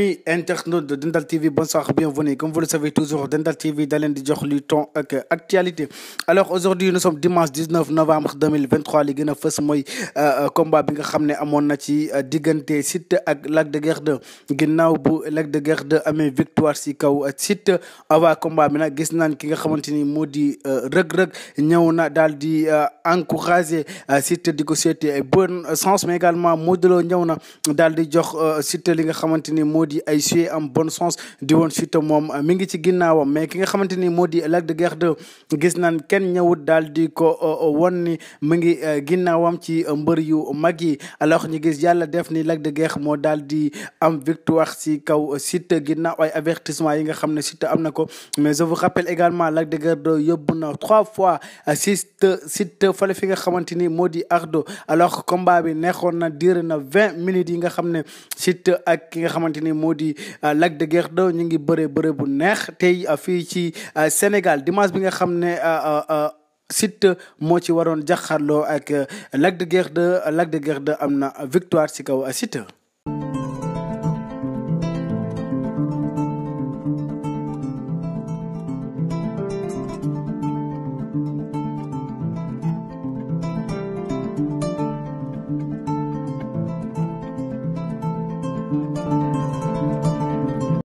Amis internautes de Dendal TV, bonsoir, bienvenue. Comme vous le savez toujours, Dendal TV d'Alain di jox luy ton ak actualité. Alors aujourd'hui nous sommes dimanche 19 novembre 2023 li gën a moy euh, euh, combat bi nga mon natie à na ci à euh, ak Lac de guerre 2 ginnaaw bu Lac de guerre 2 Amé victoire si kaw site avant combat bi nag gis naan ki nga xamante ni moo di Reug Reug encourager site bon sens mais également Modou Lo Daldi, na daal di jox Siteu li nga di ay bon am bonne sens di won suite mom ah, mi ngi ci ginnawam mais ki nga xamanteni modi Lac de Guiers 2 gis nan ken ñewut dal di ko ah, ah, wonni mi ci mbeur yu magi alors ñu gis yalla def ni Lac de guerre modaldi, dal di am victoire si kaw site ginnaw ay avertissement yi nga xamne site mais je vous rappelle également Lac de guerre de yobuna trois fois Siteu site fallait fi nga xamanteni modi ardo alors combat bi neexoon na dire na 20 minutes yi nga xamne site ak nga xamanteni moo di euh, Lac de Guiers 2 ñu ngi bëre bëre bu neex tey euh, fii ci euh, Sénégal dimanche bi nga xam ne Siteu moo ci waroon jaxarloo ak Lac de Guiers 2 Lac de Guiers 2 am na victoire ci kaw Siteu